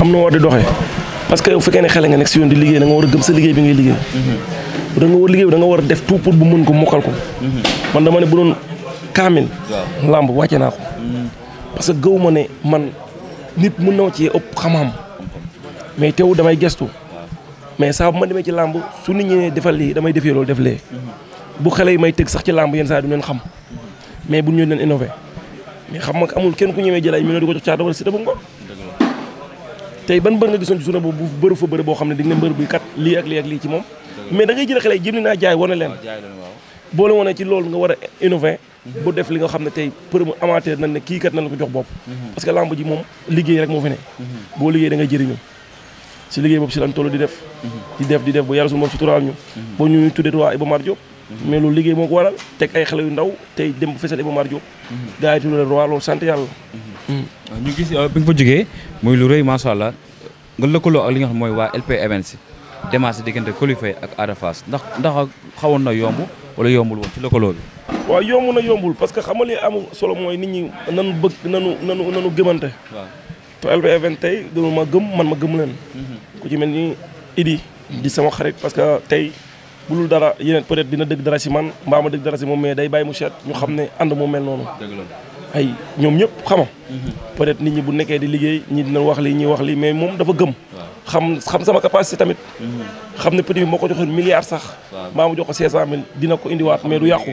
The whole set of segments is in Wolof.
am na war di doxee parce que bu fekkee ne xale nga nekk si yoon di liggéey da nga war a gëm sa liggéey bi ngay liggéey mhm. da nga war liggéey bi da war a def tout pour bu mën ko mokkal ko mhm. man dama ne bu doon kaamil làmb wàcce naa ko mhm. parce que gëw ma ne man nit mën na ci ëpp xam-xam mais teewul damay gestu mais saa ma demee ci làmb su nit ñi ne defal lii damay defee loolu def lee bu xale yi may tëgg sax ci làmb yenn saa du leen xam mais bu ñu leen innové mais xam nga amul kenn ku ñëwee jël ay millions tey ban mbër nga gisoon ci suuna boobu bu bëru fa bëri boo xam ne dañ ne mbër buy kat lii ak lii ak lii ci moom mais da ngay jël yi jëm naa jaay wane leen boo la wane ci loolu nga war a innover bu nga xam ne tey premier amateur nañ kii kat nañ la ko jox bopp mhm. parce que lamb ji moom liggéey rek moo fi ne mhm. ngay jëriñu si liggéey boobu si lañ toll di mhm. di def di def bu yàlla suñu moom suturaal ñu ba ñu tuddee waa Iba Mar Diop mais loolu liggéey moo ko waral teg ay xale yu ndaw tey dem bu fesal Iba Mar yi tuddee roi loolu sant yàlla ah, ñu gis euh, bi nga fa jógee muy lu rëy macha allah nga lëkkaloo ak li nga xam mooy waa LP Events démarche diggante Coly ak Ada ndax ndax ndax xawoon na yomb wala yombul woon ci lëkkaloo bi. waaw yomb na yombul parce que xam nga li am solo mooy nit ñi nanu bëgg nanu nanu nanu gëmante. waaw te LP Events tey dañu ma gëm man ma gëm leen. Mhm. ku ci mel ni Idi. di sama xarit parce que tey bu dul dara yeneen peut-être dina dëgg dara si man mbaa ma dëgg dara si moom mais day bàyyi mu seet xam ne ànd moo mel noonu. ay ñoom ñëpp xama peut être nit ñi bu nekkee di liggéey ñi dina wax lii ñuy wax lii mais moom dafa gëm xam xam sama capacité tamit mhm. xam ne petit bi sax maa mu jox ko cinq cent mille dina ko indiwaat mais du yàqu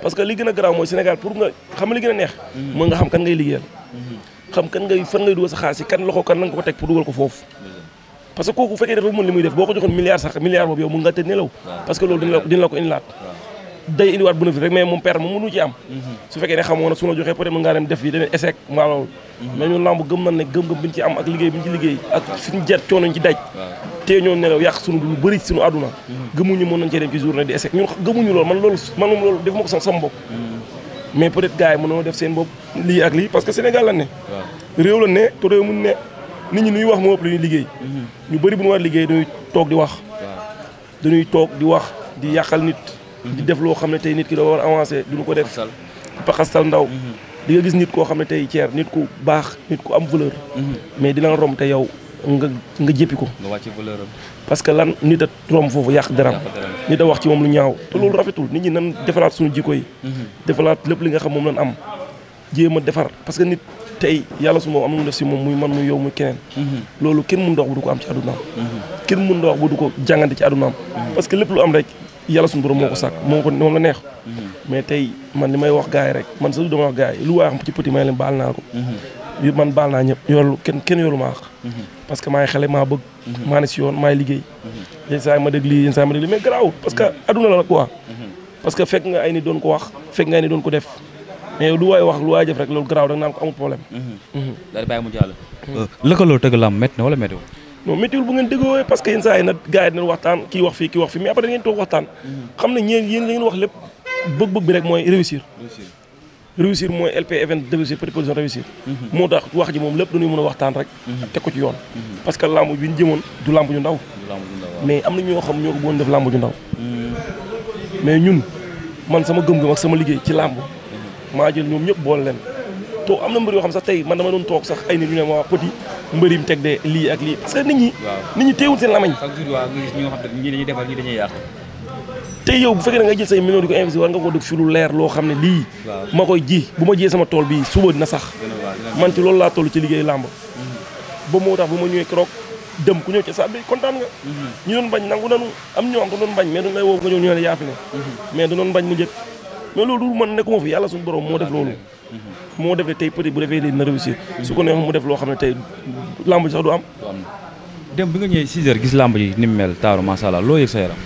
parce que li gën a garaaw mooy Sénégal pour nga xam li gën a neex mën mhm. nga xam kan ngay liggéeyal mhm. xam kan ngay fan ngay dugal ko foofu parce que kooku fekkee dafa mën li muy def boo ko joxoon milliard sax milliard boobu yow mën nga nelaw parce que loolu dina la ko indilaat day indiwaat bénéfice rek mais moom perte moom mënu ci am mhm. su fekkee ne xamoo nag su la joxee peut-être mën ngaa dem def yi demee échec mbaa loolu mhm. mais ñun lamb gëm nañ ne gëm-gëm bi ñu ci am ak liggéey bi ñu ci liggéey ak suñu lu bëri suñu àdduna mhm. gëmuñu mën nañ cee dem ci na di échec ñun gëmuñu loolu man loolu man moom loolu def ko sax sama mais peut-être gars yi mënoo def seen bopp lii ak lii parce que Sénégal la ne réew la ne te réew mun ne nit ñi nuy wax moo ëpp lu ñuy liggéey ñu bëri bu ñu war liggéey dañuy toog di wax dañuy toog di wax di yàqal nit di def loo xam ne tey nit ki da war avancé duñu ko def paxastal ndaw mm-hmm. di nga gis nit koo xam ne tey ceer nit ku baax nit ku am valeur mm-hmm. mais di la rom te yow nga nga jéppi ko nga wàcc valeur parce que lan nit a foofu yàq deram nit a wax ci moom lu ñaaw te loolu mm-hmm. rafetul nit ñi nan defaraat suñu jikko yi defaraat lépp li nga xam moom lan am jéem a defar parce que nit tey yàlla su moom am na mu def si moom muy man muy yow muy keneen loolu kenn mën dox bu du ko am ci àddunaam kenn mën dox bu du ko jàngante ci àddunaam parce que lépp lu am rek yàlla suñu borom moo ko sàkk moo ko moom la neex mm-hmm. mais tey man li may wax gars yi rek man sa du dama wax gars yi lu waay a ci petit mm-hmm. man baal naa ñëpp yoolu kenn kenn yoolu maax mm-hmm. parce que maay xale maa bëgg maa ne si yoon maay liggéey yenn saa yi ma dégg lii yenn ma dégg lii mais garaaw que adduna la quoi parce que fekk nga ay ni doon ko wax fekk nga ay doon ko def mais lu waay wax lu waay def rek loolu garaaw rek naan ko amul problème daal di bàyyi mu jàll euh, na wala métti non météo bu ngeen déggoo parce que yenn saa yi nag gars yi dinañ waxtaan kii wax fii kii wax fii mais après da ngeen toog waxtaan. xam ne ñeen la ngeen wax lépp bëgg-bëgg bi rek mooy réussir. réussir mooy LP event réussir petite production réussir. Mhm. moo tax wax ji moom lépp dañuy mën a waxtaan rek. Mhm. teg ko ci yoon. Mhm. parce que làmb bi ñu jëmoon du làmb ju ndaw. mais am na ñoo xam ñoo ko bëggoon def làmb ju ndaw. mais ñun man sama gëm-gëm ak sama liggéey ci làmb. maa jël ñoom ñëpp boole leen. te am na mbir yoo xam sax tey man dama doon toog sax ay nit ñu ne ma petit mbër yi mu teg de lii ak lii parce que nit ñi. nit ñi teewul seen lamañ. chaque jour waaw nga gis ñi te yow bu fekkee da nga jël say millions di ko investir war nga ko def fi lu leer loo xam ne lii. ma koy ji bu ma jiyee sama tool bi suba dina sax. man ci loolu laa toll ci liggéey làmb. Mhm. ba moo tax bu ma ñëwee keroog dem ku ñëw ci sax kontaan nga. Mhm. ñu doon bañ nangu nanu am ñoo am da doon bañ mais dañ lay woo nga ñëw ñu ne yaa ne. Mhm. mais da doon bañ mu njëkk mais loolu du man nekkuma fi yàlla suñu borom moo def loolu moo defee tey peut-être bu defee léegi na réussir su ko neexoon mu def loo xam ne tey lamb ji sax du am. dem bi nga ñëwee 6 heures gis ji ni mu mel taaru macha allah loo yëg sa yaram.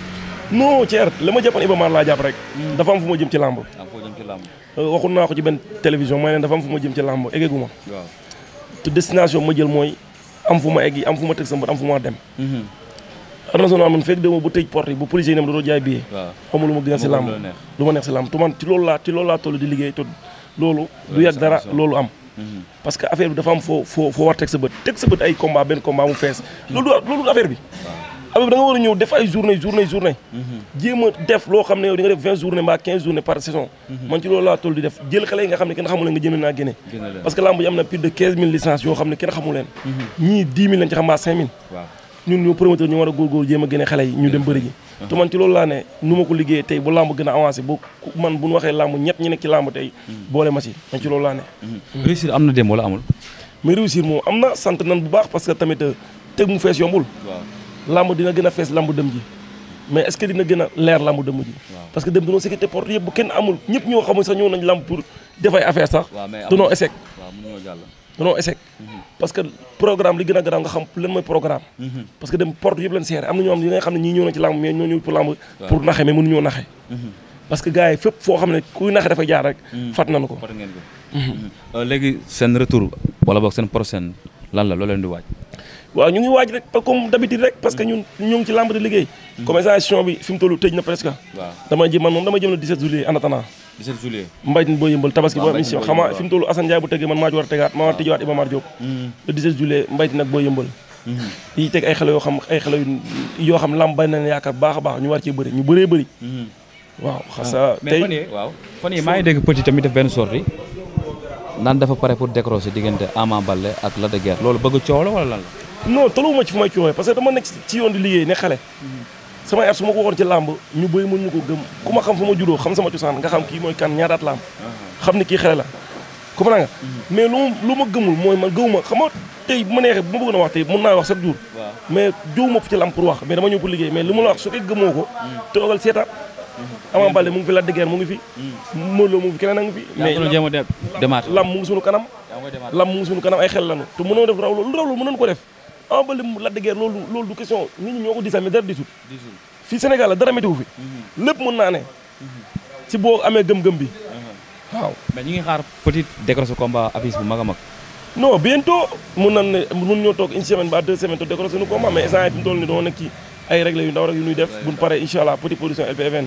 non Thierre la ma jàppoon Iba laa jàpp rek. Hmm. dafa am fu ma jëm ci lamb. am foo lamb. Euh, waxoon naa ko ci benn télévision may leen dafa am fu ma jëm ci lamb eggeegu ma. waaw te ma jël mooy am fu ma egg am fu ma teg sa am fu ma dem. arnational hmm. man fekk dama bu tëj porte yi bu policier a si lamb lu ma neex tu loolu du yàgg dara loolu am parce que affaire bi dafa foo foo foo war teg sa bët teg sa bët ay combat benn combat mu fees loolu du loolu du bi affaire bi da war a ñëw def ay journée journée journée jéem a def ne par saison man ci loolu laa toll di def jël xale nga xam ne kenn xamu leen nga jënd naa génne parce que lamb ji am na plus de quinze mille licences yoo xam ne kenn xamu leen mhm. ñii dix mille lañ ci xam mbaa cinq ñun ñu promoteur ñu war a góorgóor jéem a génne xale yi ñu dem bëri ji te man ci loolu laa ne nu ma ko liggéeyee tey bu làmb gën a avancé bu man bu ñu waxee làmb ñett ñi nekk ci làmb tey hmm. boole ma si man ci loolu laa ne hmm. réussir am na dem wala amul mais réussir moom am na sant nan bu baax parce que tamit euh, teg mu fees yombul làmb dina gën a fees làmb dem ji mais est-ce que dina gën a leer làmb dem ji parce que dem dañoo sécurité porte yëpp bu kenn amul ñëpp ñoo xamul sax ñëw nañ làmb pour def ay affaire sax dañoo échec danoo échec parce que programme li gën a garaaw nga xam lan mooy programme parce que dem porte yëpp leen seere am na ñoo am yi nga xam ne ñii ñëw na ci làmb mais ñoo ñëw pour làmb pour naxe mais mënuñoo naxe parce que gars yi fépp foo xam ne kuy naxe dafa jaar rek mm. fat nañu ko mm-hmm. Mm-hmm. Euh, léegi seen retour wala boog seen prochaine lan la loo leen di waaj waaw ñu ngi waaj rek comme d'habitude rek parce que mm. ñun ñu ngi ci làmb di liggéey mm. commercialisation bi fi mu toll tëj na presque dama jëm man moom dama jëm le 17 juillet en 17 juillet mbay boo yëmbal tabaski boo am émission xam nga fi bu tëggee man maa ci war a tegaat maa war a tëjwaat Iba Mar Diop mm-hmm. le 17 juillet mbay nag boo yëmbal mm-hmm. yi teg ay xale yoo xam ay xale yu yoo xam lamb bay na yaakaar baax baax ñu war cee bëri ñu bëree bëri mm-hmm. waaw xasa ah. tey waaw fan maa ngi dégg petit tamit def benn sortie naan dafa pare pour décrocher diggante Ama Baldé ak Lac de Guiers loolu bëgg coow la wala lan la non tolluwuma ci fu may coowee parce que dama nekk ci yoon sama yar su ma ko waxoon ci làmb ñu bëri mën ñu ko gëm ku ma xam fu ma juddoo xam sama cosaan nga xam kii mooy kan ñaataat làmb xam ni kii xale la comprends nga mais lu ma lu ma gëmul mooy man gëwuma xam nga tey bu ma neexee bu ma bëggoon na wax tey mën naa wax chaque jour mais jëwuma ci làmb pour wax mais dama ñëw pour liggéey mais lu ma la wax su ko gëmoo ko mm. toogal seetaan Ama Baldé mu ngi fi Lac de Guiers mu ngi fi mm. Modou la mu ngi fi keneen a ngi fi mais làmb mu ngi suñu kanam làmb mu ngi suñu kanam ay xel lañu te ko def emblème Lac de loolu loolu du question nit ñi ñoo ko diisal mais dara diisul fii Sénégal la dara météo fi mhm. lépp mën naa ne si mhm. boo amee gëm-gëm bi mhm. waaw mais ñu ngi xaar petit décroche combat affiche bu mag a mag non bientôt mun nan ne mun ñoo toog une semaine ba deux semaines to décroche nu combat mais instant yi fi mu toll ni doo ay règle yu ndaw rek yu ñuy def buñ allah petit production LPFN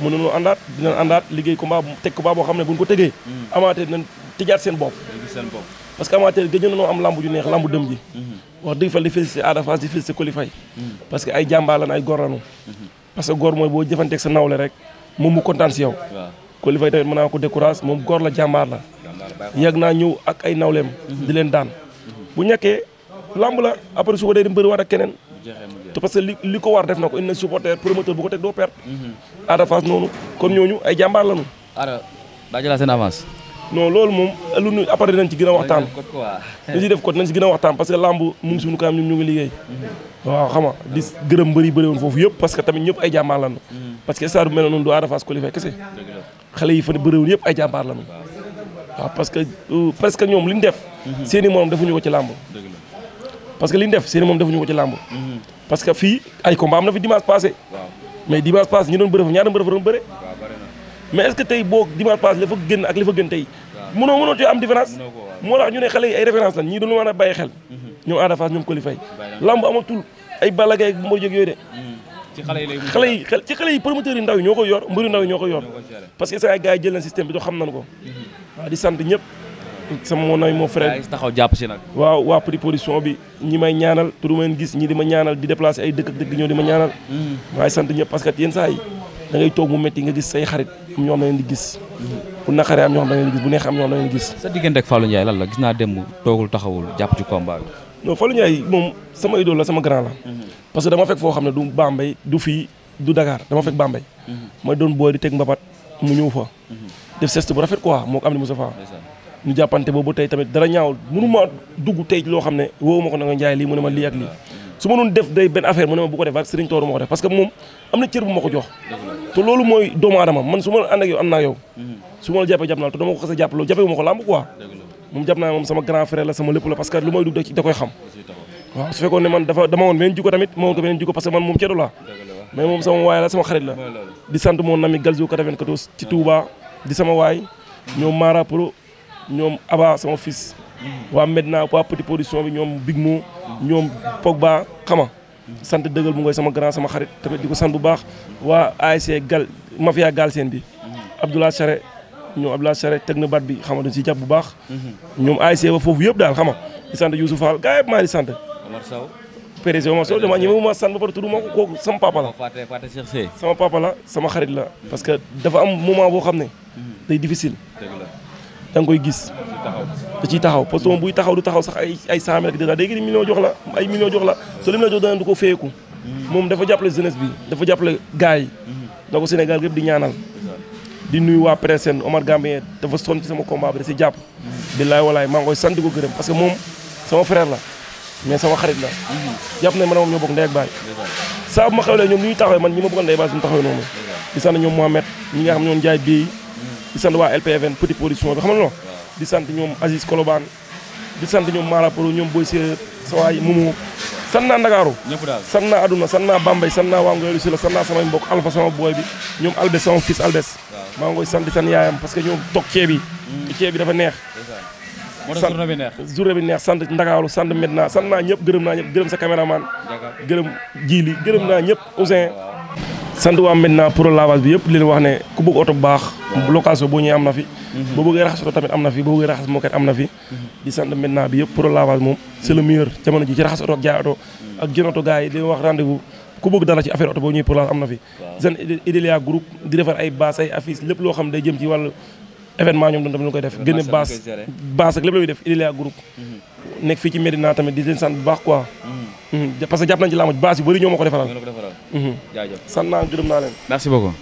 mën nañoo àndaat dinañ àndaat liggéey combat teg combat boo xam ne buñ ko tegee amateur dinañ tëjaat seen bopp parce que amateur gëj nañoo am lamb ju neex lamb dëm ji wax dëgg fa di félicité Ada Fass di félicité Coly Faye parce que ay jàmbaar lañ ay góor lañu parce que góor mooy boo jëfanteeg sa nawle rek moom mu kontaan si yow Coly Faye tamit mën naa ko décourage moom góor la jàmbaar la yàgg naa ñëw ak ay nawleem di leen daan bu ñàkkee lamb la après su ko dee di mbëri war ak keneen te parce que li ko war def na ko indi na supporter promoteur bu ko teg doo perte mhm. Ada Fass noonu kon ñooñu ay jàmbaar la Ada daa jëlaat seen avance non loolu moom lu ñu après nañ ci gën a waxtaan li ci def code nañ ci gën a waxtaan parce que làmb mu ngi suñu kanam ñun ñu ngi liggéey mhm. waaw xam nga di gërëm mbëri bëri woon foofu yëpp parce que tamit ñëpp ay jàmbaar lañu mhm. parce bëri woon yëpp ay jàmbaar lañu waaw parce euh, ñoom li ñu def mhm. seen i morom defuñu ko ci làmb parce que li ñu def seen i morom defuñu ko ci parce que fi dimanche passé mais dimanche passé ñu doon bëri doon bëre mais est ce que tey boo dimanche passé li fa génn ak li fa gën tey mënoo mënoo ci am différence moo tax ñu ne xale yi ay référence lan ñii dañu war a bàyyi xel mhm. ñoom Ada Fass ñoom Coly Faye lamb amatul ay Balla bu ma jóg yooyu de mhm. xale yi xale ci xale yi promoteurs ndaw yi ñoo koy yor mbëri ndaw yi ñoo koy yor parce que sa gars yi jël na système bi do xam nañu ko mhm. waaw di sant ñëpp sama moo nay moo frère waaw waa prix bi ñi may ñaanal pour gis ñi di ma ñaanal di déplacer ay dëkk ak dëkk ñëw di ma ñaanal waaye sant ñëpp parce que yéen da ngay toog mu métti nga gis say xarit am ñoo xam ne leen di gis bu naqaree am ñoo xam ne bu neexee am ñoo xam ne leen di gis sa diggante ak Fallou Ndiaye lan la gis naa démb toogul taxawul jàpp ci combat bi non Fallou Ndiaye moom sama idole la sama grand la parce que dama fekk foo xam ne du Bambey du fii du Dakar dama fekk Bambey mooy doon booy di teg mbapat mu ñëw fa def geste bu rafet quoi moo ko am ni Moussa Fall ñu jàppante boobu tey tamit dara ñaawul mënu ma dugg tey loo xam ne woowu ma ko na nga lii mu ne ma lii ak su ma doon def day benn affaire mu ne ma bu ko def ak Serigne Touba ma ko def parce que moom am na cër bu ma ko jox te loolu mooy doomu aadama man su ma ànd ak yow am naa yow su ma la jàppee jàpp naa a jàpp loolu jàppee ma ko làmb quoi moom jàpp naa moom sama grand parce que lu may dugg da koy xam waaw su fekkoon ne man dafa dama woon beneen jikko tamit ma woon ko beneen jikko parce que man moom ceedu laa mais moom sama waay la sama xarit la di sant mon ami Galzo 94 ci Touba di sama waay ñoom Mara waa Medina waa Petit production bi ñoom Big Mo ñoom Pogba xama sant dëggal mu ngoy sama grand sama xarit tamit di ko sant bu baax waa ASC gal mafia gal seen bi Abdoulaye Charé ñoom Abdoulaye Charé teg na baat bi xama dañ si jàpp bu baax ñoom ASC ba foofu yëpp daal xama di sant Youssou Fall gars yëpp maa di sant Omar Sow Omar ma sant ba ma ko sama papa la sama papa la sama xarit la parce que dafa am moment boo xam ne day difficile da koy gis da ciy taxaw parce que moom buy taxaw du taxaw sax ay ay cent mille ak deux cent day gën million jox la ay million jox la so li mu la jox dana du ko feeku moom dafa jàppale jeunesse bi dafa jàppale gars yi na ko Sénégal gépp di ñaanal di nuyu waa Petersen Omar Gambien dafa sonn ci sama combat bi da si jàpp billaay walaay maa ngi koy sant di ko gërëm parce que moom sama frère la mais sama xarit la jàpp na man moom ñoo bokk ndey ak baay saa bu ma xewlee ñoom ni ñu taxawee man ñi ma bëggoon ndey baay suñu taxawee noonu di sant ñoom Mohamed ñi nga xam ñoom jaay bi di sant waa LPFN petit production bi xam nga di sant ñoom Aziz Kolobaan di sant ñoom Mara Pro ñoom Boy Séeréer sawaay Momo sant naa Ndakaaru ñëpp daal sant naa aduna sant naa Bambey sant naa waa Ngoylu si la sant naa samay mbokk Alpha sama booy bi ñoom Albes sama fils Albes maa ngi sant sant yaayam parce que ñoom toog ceeb yi mm. bi dafa neex sant journée bi neex journée bi neex sant Ndakaaru sant Medina sant naa ñëpp gërëm naa ñëpp gërëm sa caméraman gërëm Jili gërëm naa ñëpp Ousin sant waa Médina pour lavage bi yëpp li leen wax ne ku bëgg oto bu baax location boo ñëwee am na fi boo bëggee raxas oto tamit am na fi boo bëggee raxas moket am bi yëpp pour lavage moom c'est le meilleur jamono ji ci raxas oto ak jaay oto ak jën oto yi li wax rendez-vous ku bëgg dara ci affaire oto boo ñëwee pour am na fi seen idélia groupe di defar ay bâche ay affiche lépp loo xam day jëm ci wàllu événement ñoom doon tam lu koy def génne bâche bâche ak lépp la ñuy def idélia groupe mhm. nekk fii ci Medina di leen sant bu baax quoi. Mm. Mm-hmm. parce que jàpp nañ ci ko defaral. ñoo mm-hmm. naa gërëm naa leen. merci beaucoup.